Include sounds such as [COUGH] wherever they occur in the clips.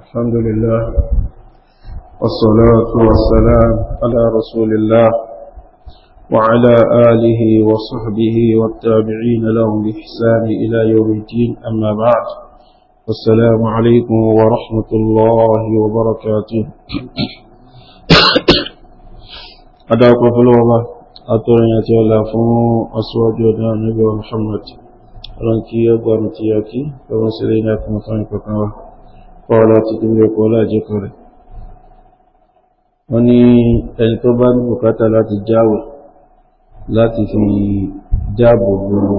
الحمد لله والصلاة والسلام على رسول الله وعلى آله وصحبه والتابعين لهم بإحسان إلى يوم الدين أما بعد والسلام عليكم ورحمة الله وبركاته أدعوكم في أتوني أتولى أسواج ودعم نبي محمد رانكي أبوام تياكي فمسلين أكم فانك kọ́ láti dúró ẹ̀kọ́ láàjẹ́kọ́ rẹ̀ wọ́n ní ẹni tó bá ní bùkátà láti jáwé láti fi jáàbò gbogbo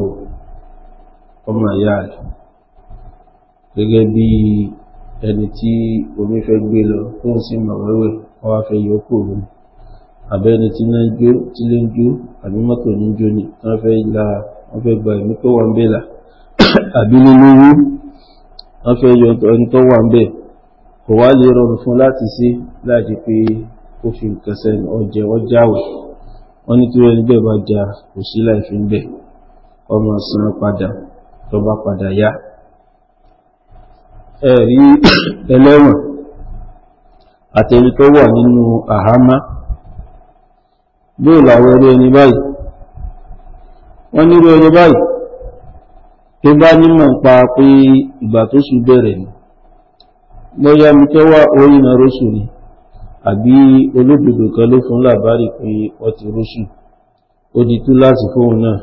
ọmọ ìyá rẹ̀ gẹ́gẹ́ bí ẹni tí omi fẹ́ gbé lọ tó ń sì mọ̀ wẹ́wẹ́ wọ́n wá fẹ́ yọ kúrò ní àbẹ́ni tí ló ń jó àbí mọ́tò ní jó ni wọ́n fẹ́ gba ẹ̀mí tó wà ń bèlà [COUGHS] àbí nínú wọ́n fẹ́ yọ ẹni tó wà ń bẹ̀ kò wá lè rọrùn fún láti sí láti pé ó fi nǹkan sẹ́nu ọjẹ ọjáwẹ̀ wọ́n ní tí ó ẹni bẹ́ẹ̀ bá ja kò sí láìfi ń ọmọ san padà tó bá padà yá ẹ̀rí ẹlẹ́wọ̀n àtẹni tó wà nínú àhámá bí ò ẹni báyìí wọ́n nírú ẹni báyìí tó bá nímọ̀ ń pa pé ìgbà tó sùn bẹ̀rẹ̀ ni bóyá mi tó wá orí na rósù ni àbí olódodo kan ló fún làbárì pé ọ ti rósù ó di tú láti fóun náà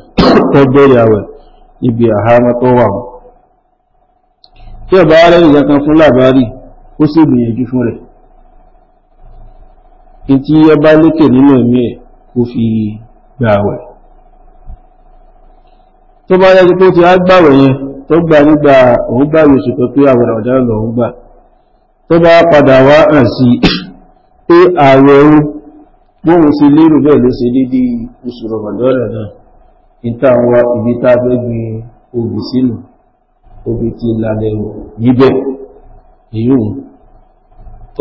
tó bẹ̀rẹ̀ àwẹ̀ níbi àhámọ́ tó wà wọn tí ọba ara kan fún ó sì gbìyànjú fún rẹ̀ tí ọba lókè nínú ẹ̀mí ẹ̀ fi gbà tó bá yẹ pé ti á gbàwẹ̀ yẹn tó gbà nígbà òun gbàwẹ̀ oṣù tó pé àwẹ̀ ọ̀dá lọ òun gbà tó bá padà wá hàn sí pé ààrẹ òun bóun sí lérò bẹ́ẹ̀ ló ṣe dédé oṣù rọ̀mọ̀dọ́rẹ̀ náà níta wa ibi tá a fẹ́ gbin obì sínú obì ti lálẹ́ níbẹ̀ èyí òun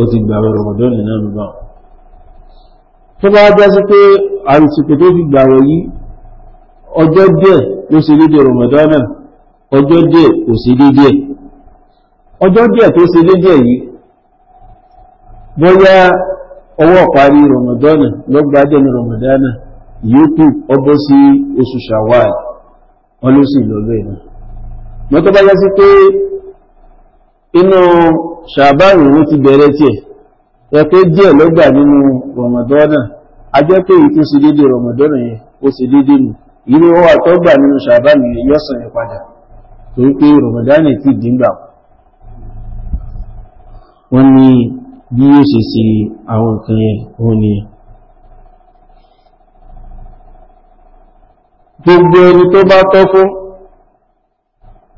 ó ti gbà àwẹ̀ rọ̀mọ̀dọ́rẹ̀ náà lọ́wọ́ tó bá dá sí pé àrùsìkò tó fi gbà wọ̀ yìí ọjọ́ díẹ̀ ló ṣe dédé Ramadan ọjọ́ díẹ̀ kò ọjọ́ díẹ̀ tó ṣe dédé yìí bóyá ọwọ́ parí Ramadan lọ́gbàájẹ́ ní Ramadan yòókù ọbọ́ sí oṣù Shawwal wọ́n ló sì lọ́gbẹ́ ìrìn bá yá sí pé inú ló ti bẹ̀rẹ̀ tiẹ̀ ẹ pé díẹ̀ lọ́gbà nínú a jẹ́ pé èyí tó ilé ọwà tó gbà nínú ni yọ́sàn ẹ̀ padà torí pé rọ̀mọ̀dánì ti dìngbà wọ́n ní bí yóò ṣe sí àwọn nǹkan yẹn òun ni gbogbo ẹni tó bá tọ́ fún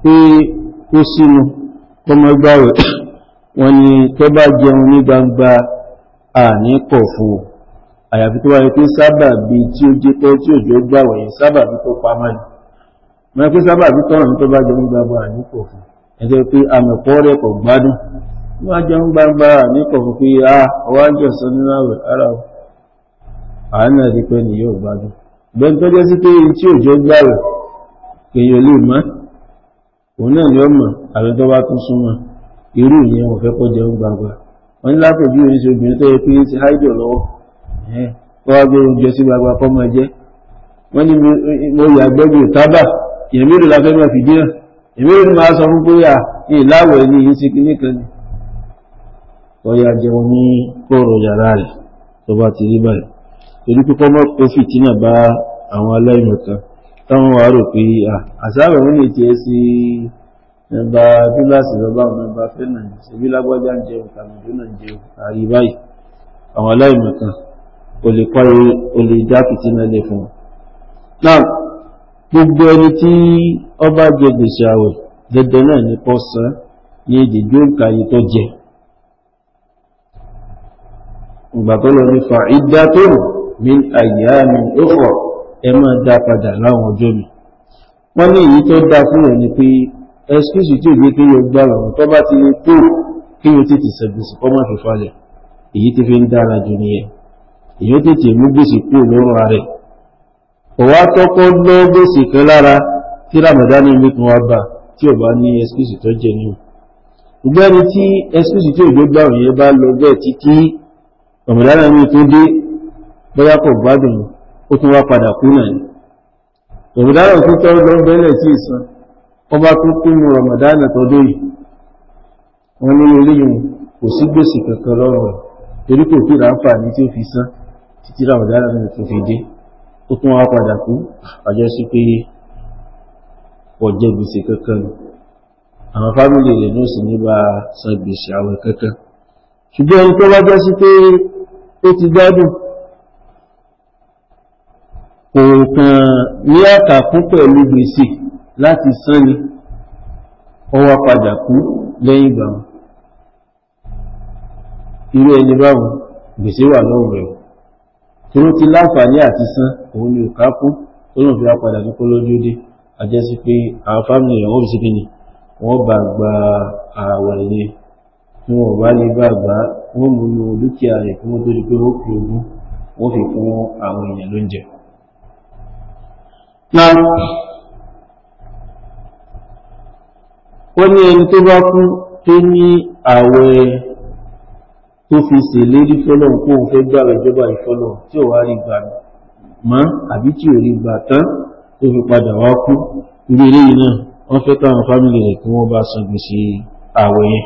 pé ó sínú tọmọ gbáwẹ̀ wọ́n ní tó bá jẹun ní gbangba à ní pọ̀ fún àyàfi tó wáyé pé sábà bí tí ó jẹ́ pé tí òjò gbà wọ̀nyí sábà bí tó pamọ́ ni wọ́n pé sábà bí tọ́rọ̀ ní tó bá jẹun gbangba àníkò fún ẹgbẹ́ pé àmọ̀pọ̀ rẹ̀ kò gbádùn wọ́n jẹun gbangba àníkò fún pé a ọwá jọ̀sán nínú àwẹ̀ ara o àánú ẹ̀dí pé ni yóò gbádùn bẹ́ẹ̀ tó jẹ́ sí pé tí òjò gbà wẹ̀ èèyàn lè mọ́ òun náà ni ó mọ̀ àwẹ̀ tó bá tún súnmọ́ irú ìyẹn wọ́n fẹ́ kọ́ jẹun gbangba wọ́n ní lápò bí oníṣẹ́ obìnrin tó yẹ pé ń ti háìdọ̀ lọ́wọ́ wọ́n wá gbé oúnjẹ sí gbagba kọ́ máa jẹ́ wọ́n ní mo yà gbẹ́gbẹ́ òtábà èèyàn mélòó la fẹ́ máa fìdí hàn èmi ò ní máa sọ fún pé à ní ìláwọ̀ ẹni yìí sí kíní kan ni ọ̀yà jẹun ní kóòrò yàrá rẹ̀ tó bá ti rí báyìí torí pípọ́ mọ́ kó fìtínà bá àwọn aláìmọ̀kan táwọn wà rò pé àṣàrò wọn lè tiẹ̀ sí ẹgbà dúláàsì lọ́bá àwọn ẹgbà fẹ́ náà ṣebí lágbájá ń jẹun tàbí jóná ń jẹun àrí báyìí àwọn aláìmọ̀kan olùkọ́ olùjá fìtínà lè fún náà gbogbo ẹni tí ọba jẹ gbèsè àwẹ̀ dandan náà ní kó san ní ìdìdó ìkàyè tó jẹ ìgbà tó lọ ní ìdá tó min àyà mi ó fọ̀ ẹ máa dá padà láwọn ọjọ́ mi wọ́n ní èyí tó dá fún ẹ̀ ni pé ẹskúsù tí ò gbé kí yóò gbá lọ́rùn tó bá ti tó kí yóò tètè sẹ̀gbèsì kọ́ máa fi falẹ̀ èyí ti fi ń dára jù nìyẹn èyí ó tètè mú gbèsè kú lọ́rùn ara rẹ̀ ọ̀wá tọ́kọ́ lọ gbèsè kan lára tí ramadani mi kan wá bá tí ò bá ní ẹskúsì tó jẹ ní ṣùgbọ́n tí ẹskúsì tí òjò gbà òun yẹn bá lọ bẹ́ẹ̀ títí ramadani mi tó dé bóyá kò gbádùn ó tún wá padà kú náà ni ramadani tó tọ́ lọ bẹ́lẹ̀ tí ìsan ọba tó kúnnú ramadani tó dé yìí wọ́n ní eléyìí kò sí gbèsè kankan lọ́rùn rẹ̀ torí kò kí ràáfà ní tí ó fi san títí ramadan ní tó fi dé ó tún wá padà kú àjọ sí pé kò jẹ gbèsè kankan àwọn fámìlì rẹ̀ náà sì ní bá san gbèsè àwẹ̀ kankan ṣùgbọ́n ẹni tó bá sí pé ó ti gbádùn kò kàn ní àkàkún pẹ̀lú gbèsè láti san ni ọwọ́ padà kú lẹ́yìn ìgbà wọn irú ẹni báwọn gbèsè wà lọ́wọ́ rẹ̀ tí ó ti láǹfààní àti san òun ni òkà kún tó lòun fi apàdà ní kó lójú pé àwọn fámìlì rẹ̀ wọ́n fi ni wọ́n bá gba àwọ̀ ẹ̀yẹ tí wọ́n bá lè bá gbà á wọ́n mú nu dúkìá rẹ̀ kí wọ́n tó di pé ó fi ogún wọ́n fi fún àwọn èèyàn lóúnjẹ. wọ́n ní ẹni tó bá kú tó ní àwẹ̀ tó fi ṣèlérí fọ́lọ́n kó ń fẹ́ gbàwẹ̀ jọba ìfọ́lọ́n tí ò wá rí gbà mọ́ àbí tí ò rí gbà tán tó fi padà wá kú irú eléyìí náà wọ́n fẹ́ káwọn fámìlì rẹ̀ kí wọ́n bá san gbèsè àwẹ̀ yẹn.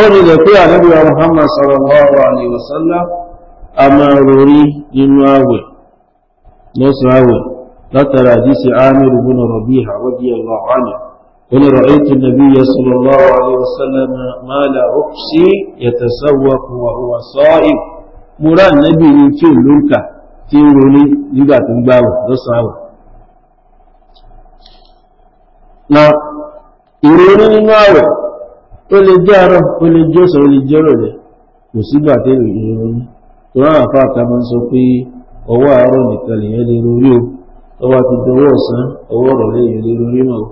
ó nílẹ̀ pé ànábì wa Muhammad a máa rorí nínú àwẹ̀ lọ́sàn-án àwẹ̀ látara àdísì Amir ibn Rabiha قل رأيت النبي صلى الله عليه وسلم ما لا أقصي يتسوق وهو صائم مرى النبي يتيو لنكا تيو لني نبا تنباو لصاوة na ìrònú nínú àwẹ̀ ó lè jẹ́ àárọ̀ ó lè jẹ́ ọ̀sán ó lè jẹ́ ọ̀rọ̀lẹ́ kò sígbà tí ìrònú tó rán àfá àtàmà sọ pé ọwọ́ àárọ̀ nìkan lèyàn lè lórí o ọwọ́ àti ọwọ́ ọ̀sán ọwọ́ ọ̀rọ̀lẹ́ yẹn lè lórí náà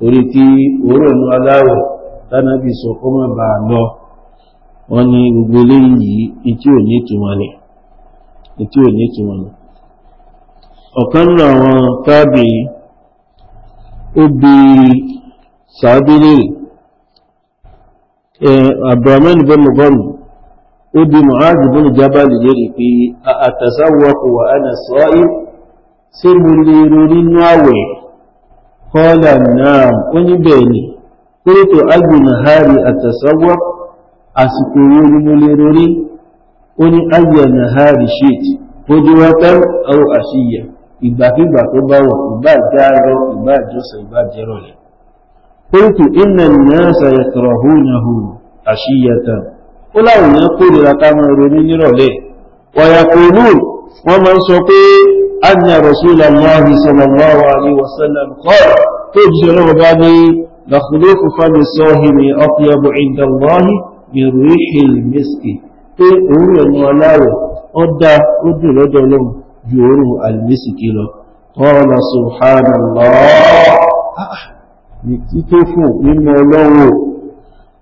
torí tí òórùn aláwọ̀ tánàbí sọ kó sokoma bàa lọ wọ́n ní gbogbo eléyìí ìtí ò ní ìtumọ̀ ni ìtí ò ní ìtumọ̀ ni ọ̀kan nínú àwọn tábì ó bi sàábílì abdulrahman bin mubarak ó bi mu'adh bin jabal lérí pé àtàsáwọ́kù wà sọ́ọ́ sí kọ́lá náà ó ní bẹ́ẹ̀ ni kúrò agbègbè hari àtàsọ́wọ́ àsìkò owó ni mo lè rorí ó ní ayé nahari sheet ojú wọ́tá àwọn àṣìyẹ ìgbàkígbà tó bá wọ̀ ìbá dáárọ̀ ìbá ìjọsẹ̀ ìbá jẹ́rọ̀lẹ̀ kúrò iná náà sàyẹ̀tọ̀rọ̀ hónàhù àṣìyẹta ó láwọn èèyàn kórìíra ká máa nírọ̀lẹ́ wọ̀yàkùnrin wọ́n máa ń sọ pé أن رسول الله صلى الله عليه وسلم قال تبجر بني لخلوق فم الصاهر أطيب عند الله من ريح المسك تقول المعلاوة أدى أدى لدلهم جوره المسك له قال سبحان الله نكتفوا مما لو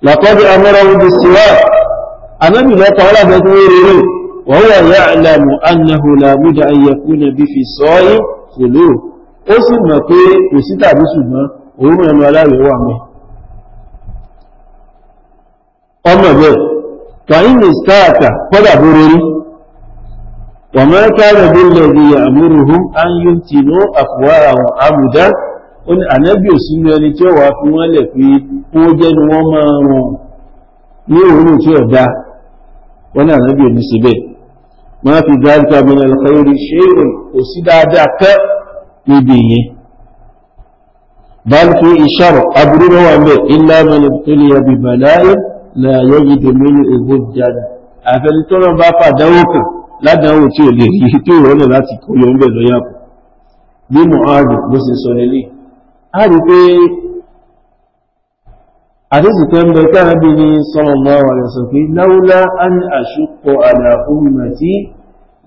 لقد أمره بالسواء أنا من بلا تعالى بدوره وهو يعلم أنه لا بد أن يكون بفصال قلوب ó sì mọ̀ pé kò sí tàbí ṣùgbọ́n òun ẹnu aláwẹ̀ wà mẹ́ ọmọ bẹ̀ fàínì stáàkà kọ́dà bó rí وما كان بالذي يأمرهم أن يمتنوا أفواههم عمدا òní ànábì ò sínú ẹni tí ó wà fún wọ́n lẹ̀ pé wọ́n jẹ́ ni wọ́n máa rùn ní òun tí ọ̀dá wọ́n ní ànábì ò ní síbẹ̀ máa fi dáríkà bí ẹlẹ́kọ̀ orí ṣe kò sí dáadáa kẹ́ níbi ìyẹn báńkì ìṣàrọ̀ aburú náà wà mẹ́ ilá mẹ́lẹ̀ tó lè yẹ bìbà láyé láyé yìí mẹ́lẹ̀ ègbò jáde àfẹ́ni tó náà bá fàdánwò kan ládánwò tí ò lè rí tí ò rọ́nà láti kó yọ ń bẹ̀ lọ́yà kù bí mo ààrùn a rí pé àdísìkẹ́ ń bẹ káàbí ní sọ́rọ̀ mọ́ àwọn àyàsọ̀ pé an àṣùkọ àdàkùn màtí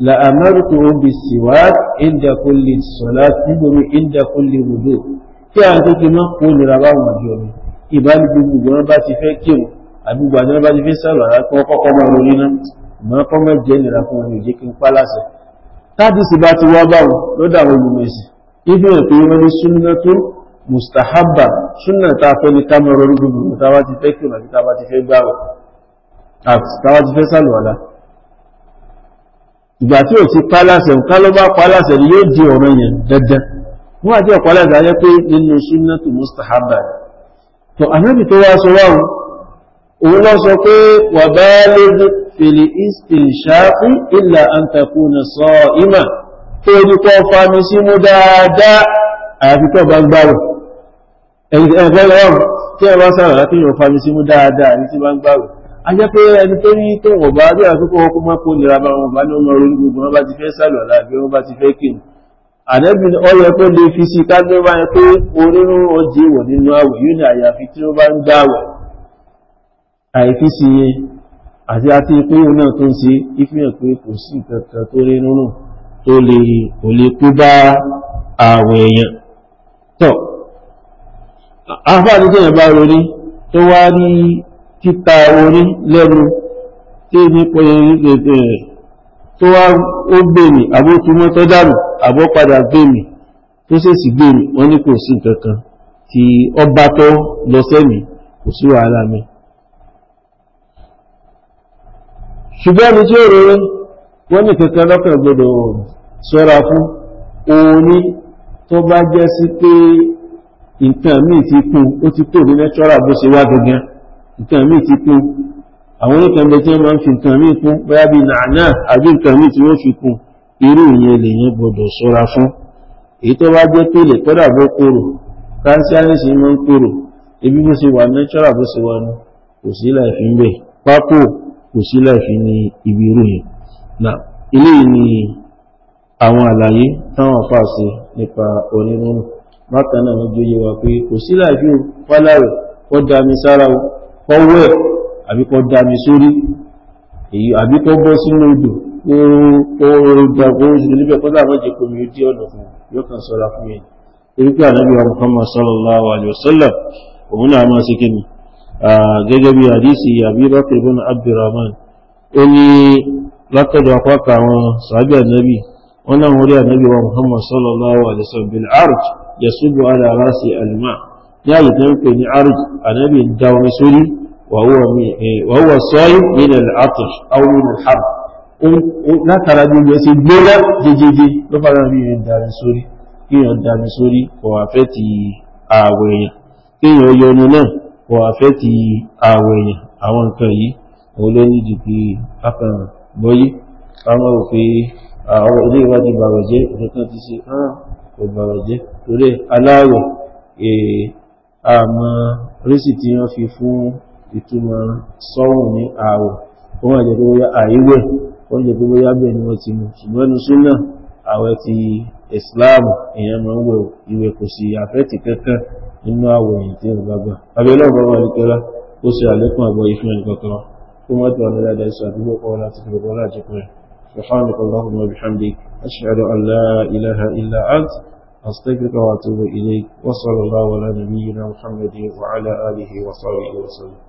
لأمرته بالسواك عند كل صلاة نبوي عند كل وضوء kí àwọn tó ti mọ́ kó nira bá wọn jọ ní ìbáni gbogbo ìgbọ́n bá ti fẹ́ kírun àbí gbogbo àjọ bá ti fẹ́ sàrò àrà kí wọ́n kọ́kọ́ máa ronú náà ìmọ̀ kọ́ mọ́ jẹ́ nira fún wọn ìjẹ́ kí n pálásẹ̀ táàdì sì bá ti wá bá wọn lọ́dọ̀ àwọn olùmẹ̀sì ibi hàn pé ní súnmọ́ tó mustahabba súnà tá a fẹ́ ní ká gbogbo táwa ti fẹ́ kírun àti táwa ti fẹ́ gbà àti táwa ti fẹ́ sàrò àrà ìgbà tí ò ti pálásẹ̀ ǹkan ló bá pálásẹ̀ ni yóò di ọ̀rọ̀ yẹn dandan wọ́n àti ọ̀pálásẹ̀ ayẹ́ pé nínú sunnatu mustahaba tó anábì tó wá sọ wáhùn òun lọ sọ pé wà bá lórí fèlè istinṣáfí illa an takuna sa'ima tó ní kọ́ fami sí mú dáadáa àyàfi tó bá gbáwẹ̀ ẹ̀yìn ẹ̀fẹ́ lọ́rùn tí ẹ bá sára láti fami sí mú dáadáa àyàfi tó bá gbáwẹ̀ ajẹ́ pé ẹni tó ní tó wọ̀n bá rí àkókò ọkọ̀ mọ́ kó nira bá wọn bá ní ọmọ orí gbogbo wọn bá ti fẹ́ sàlọ̀ àbí wọn bá ti fẹ́ kì ní àdẹ́bì ọyẹ pé lè fi sí kágbé bá yẹ pé onírun ọjì wọ̀ nínú àwẹ̀ yóò ní àyàfi tí ó bá ń dá àwẹ̀ àìfi sí yẹn àti àti pé òun náà tó ń ṣe ìfihàn pé kò sí nǹkan tó rí nínú tó lè kò lè kú bá àwẹ̀ èèyàn tọ́ afáàdé tó yẹn bá ronú tó wá ní títa orí lẹ́nu tí ní pẹ̀yẹrí lẹ́gbẹ̀ rẹ̀ tó wá ó gbèmì àbó fi mọ́tọ́ dànù àbó padà gbèmì tó sèsì gbèmì wọ́n ní kò sí kankan tí ọba tó lọ sẹ́mì kò sí wàhálà mi ṣùgbọ́n mi tí ó rẹ̀ wọ́n ní kankan lọ́kàn gbọdọ̀ sọ́ra fún òun ní tó bá jẹ́ sí pé nǹkan míì ti kún ó ti kò ní nẹ́tọ́rà bó ṣe wá gangan nǹkan míì ti kún àwọn oníkan bẹ tí wọ́n máa ń fi nǹkan míì kún bóyá bíi nàánà àbí nǹkan míì tí wọ́n fi kún irú ìyẹn lèyàn gbọdọ̀ ṣọ́ra fún èyí tó bá jẹ́ pèlè kọ́dà bó korò káńsíálẹ̀sì máa ń korò ebi bó ṣe wà nẹ́tírà bó ṣe wà ní kò sí láìfi ń bẹ̀ pákó kò sí láìfi ní ibi irú yẹn ilé ni àwọn àlàyé táwọn àfáà ṣe nípa onírúurú bákan náà wọ́n jóyé wa pé kò sí láìfi ó wálá rẹ̀ kọ́ da mi sára o kọ́ wẹ̀ àbí kọ́ dámi sórí èyí àbí kọ́ bọ́ sínú odò kó dàgbó oṣù níbẹ̀ kọ́ dàgbọ́ jẹ́ kó mi ó dí ọ̀nà fún yóò kàn sọ́ra fún mi torí pé ànábì wa Muhammad sallallahu alaihi wasallam òun náà máa ṣe kíni gẹ́gẹ́ bí àdísì àbí bákan ibn Abdurrahman ó ní látọ̀dọ̀ apáka àwọn sàábì ànábì wàhúwà sọ́yí nínú àtìṣ àwọn nínú harb látara bí omi ẹsẹ gbóná jẹjẹjẹ ló fara bí i dàmì sórí kíyàn dàmì sórí kò àfẹ́ ti ààwẹ̀ èèyàn kíyàn yọnu náà kò àfẹ́ ti ààwẹ̀ èèyàn àwọn nǹkan yìí òun ló ní dìbì akàn bọ́yé káwọn rò pé àwọn ilé ìwà ti ìtumọ̀ sọ́wọ̀n ní ààwẹ̀ ó wọ́n jẹ́ pé bóyá àìwẹ̀ ó jẹ́ pé bóyá bẹ̀ ni wọ́n ti mú ṣùgbọ́n ní súnà ààwẹ̀ ti ìsìláàmù èèyàn máa ń wẹ̀ ìwẹ̀ kò sí àfẹ́tì kankan nínú ààwẹ̀ èyí سبحانك اللهم وبحمدك أشهد أن لا إله إلا أنت أستغفرك وأتوب إليك وصلى الله على نبينا محمد وعلى آله وصحبه وسلم